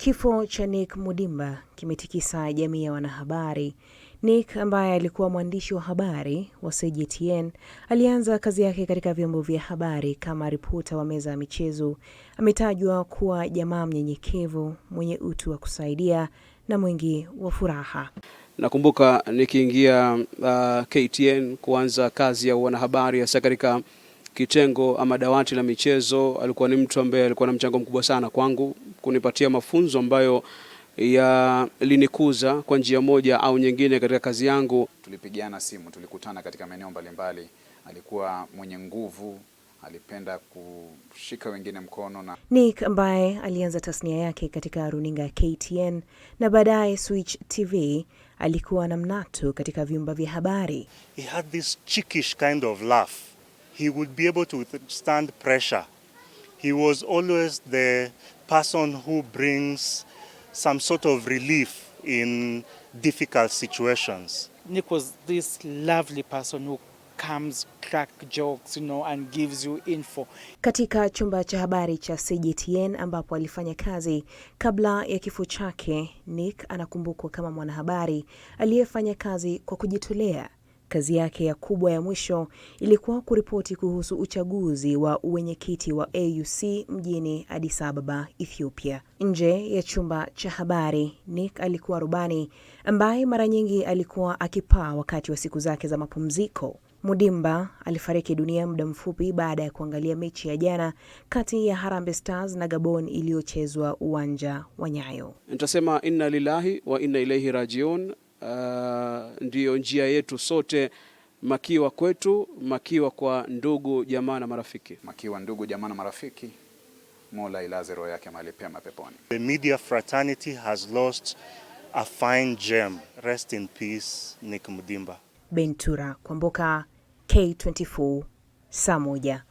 Kifo cha Nick Mudimba kimetikisa jamii ya wanahabari. Nick ambaye alikuwa mwandishi wa habari wa CGTN alianza kazi yake katika vyombo vya habari kama ripota wa meza ya michezo. Ametajwa kuwa jamaa mnyenyekevu, mwenye utu wa kusaidia na mwingi wa furaha. Nakumbuka nikiingia uh, KTN kuanza kazi ya wanahabari hasa katika kitengo ama dawati la michezo, alikuwa ni mtu ambaye alikuwa na mchango mkubwa sana kwangu kunipatia mafunzo ambayo yalinikuza kwa njia moja au nyingine katika kazi yangu. Tulipigiana simu, tulikutana katika maeneo mbalimbali. Alikuwa mwenye nguvu, alipenda kushika wengine mkono na... Nick ambaye alianza tasnia yake katika runinga ya KTN na baadaye Switch TV alikuwa na mnato katika vyumba vya habari. He had this chickish kind of laugh. He would be able to withstand pressure. He was always the person who brings some sort of relief in difficult situations. Nick was this lovely person who comes crack jokes, you know, and gives you info. Katika chumba cha habari cha CGTN ambapo alifanya kazi kabla ya kifo chake, Nick anakumbukwa kama mwanahabari aliyefanya kazi kwa kujitolea Kazi yake ya kubwa ya mwisho ilikuwa kuripoti kuhusu uchaguzi wa uwenyekiti wa AUC mjini Addis Ababa, Ethiopia. Nje ya chumba cha habari, Nick alikuwa rubani ambaye mara nyingi alikuwa akipaa wakati wa siku zake za mapumziko. Mudimba alifariki dunia muda mfupi baada ya kuangalia mechi ya jana kati ya Harambee Stars na Gabon iliyochezwa uwanja wa Nyayo. Nitasema inna lillahi wa inna ilaihi rajiun uh, ndiyo njia yetu sote makiwa kwetu, makiwa kwa ndugu jamaa na marafiki, makiwa ndugu jamaa na marafiki. Mola ilaze roho yake mahali pema peponi. The media fraternity has lost a fine gem. Rest in peace Nick Bentura Kwamboka, K24, saa moja.